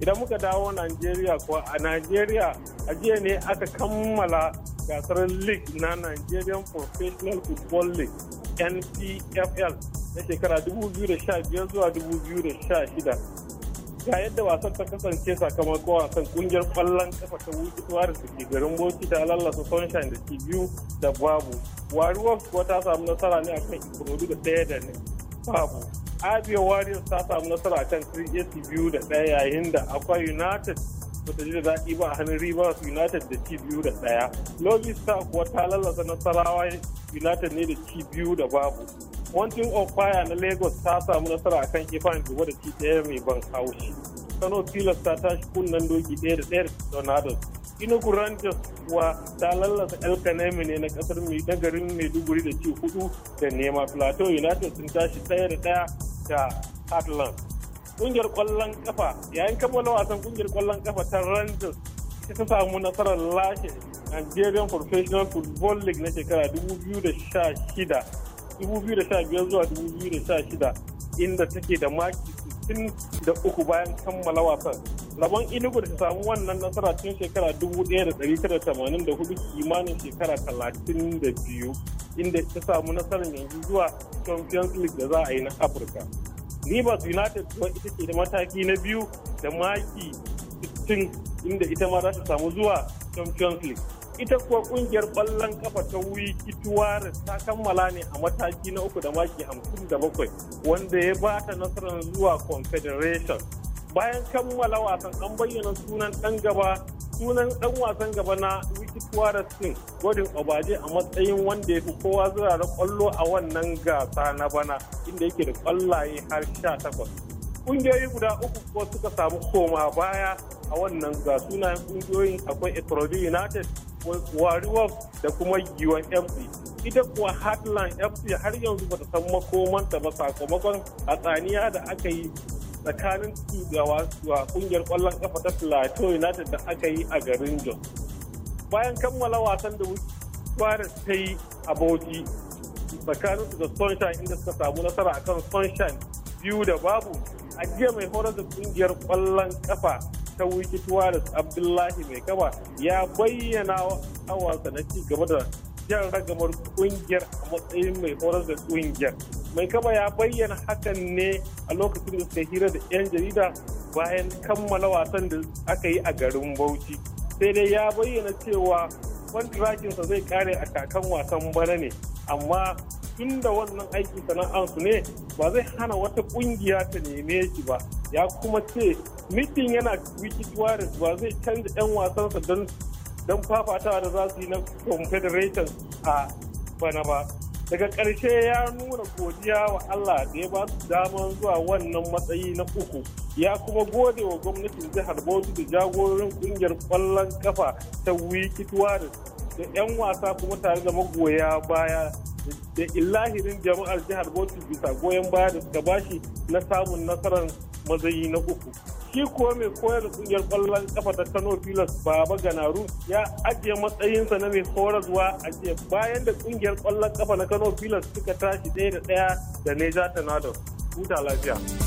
idan muka dawo najeriya kuwa a najeriya a jiya ne aka kammala gasar league na nigerian professional football league npfl na shekara 2015 zuwa 2016 ga yadda wasan ta kasance sakamakon wasan kungiyar kwallon kafa ta wucewa da ke garin boki ta su sunshine da ke biyu da babu waruwar kuwa ta samu nasara ne akan ikonobi da daya da babu abia warriors ta samu nasara kan 3 biyu da ɗaya yayin da akwai united bata ji da daɗi ba a hannun rivers united da ci biyu da ɗaya lobby star kuwa ta lalasa nasarawa united ne da ci biyu da babu wanting of fire na lagos ta samu nasara kan ifan gobe da ci ɗaya mai ban haushi kano pilas ta tashi kunnen doki ɗaya da ɗaya da tornadoes inugu rangers kuwa ta lallasa el kanemi ne na kasar na garin maiduguri da ci hudu da nema plateau united sun tashi ɗaya da ɗaya da Hadlan. Kungiyar kwallon kafa yayin kammala wasan kungiyar kwallon kafa ta Rangers ta samu nasarar lashe Nigerian Professional Football League na shekara 2016 2015 zuwa 2016 inda take da maki 63 bayan kammala wasan. rabon inugu da ta samu wannan nasara tun shekara 1984 kimanin shekara 32 inda ta samu nasarar yanzu zuwa champions league da za a yi na afirka rivers united ba ita ce da mataki na biyu da maki 16 inda ita ma za ta samu zuwa champions league ita kuwa kungiyar ballon kafa ta wuyi kituwar ta kammala ne a mataki na uku da maki 57 wanda ya ba ta nasarar zuwa confederation bayan kammala wasan an bayyana sunan dan gaba sunan dan wasan gaba na Wiki Tuwaras din Godin Obaje a matsayin wanda ya fi kowa zuraren kwallo a wannan gasa na bana inda yake da kwallaye har sha takwas. Kungiyoyi guda uku ko suka samu koma baya a wannan ga sunayen kungiyoyin akwai Etrobi United, Wariwar da kuma Giwan FC. Ita kuwa Heartland FC har yanzu bata san makomanta ba sakamakon hatsaniya da aka yi tsakanin tugawa a kungiyar kwallon kafa ta plateau united da aka yi a garin jos bayan kammala wasan da suarez ta yi a bauchi tsakanin su da sunshine inda suka samu nasara akan sunshine biyu da babu a mai horar da kungiyar kwallon kafa ta wiki tuwaris abdullahi mai kaba ya bayyana awansa na ci gaba da jan ragamar kungiyar a matsayin mai horar da kungiyar mai kaba ya bayyana hakan ne a lokacin da suka hira da 'yan jarida bayan kammala wasan da aka yi a garin bauchi sai dai ya bayyana cewa kwantirakinsa zai kare a kakan wasan bana ne amma inda wannan wannan aikin sana'ansu ne ba zai hana wata kungiya ta neme shi ba ya kuma ce mitin yana wiki ba zai canza 'yan wasansa don fafatawa da za su yi na confederation a bana ba daga ƙarshe ya nuna godiya wa Allah da ya ba su damar zuwa wannan matsayi na uku ya kuma gode wa gwamnatin jihar Bauchi da jagororin kungiyar ƙwallon kafa ta wikituwa da 'yan wasa kuma tare da magoya baya da illahirin jama'ar jihar Bauchi bisa goyon baya da suka bashi na samun nasarar mazayi na uku. Shi kuwa mai koyar da kungiyar kwallon kafa ta Kano Pilas Baba Ganaru ya ajiye matsayinsa na mai horarwa a jiya bayan da kungiyar kwallon kafa na Kano Pilas suka tashi ɗaya da ɗaya da Neja Tanado. Huta lafiya.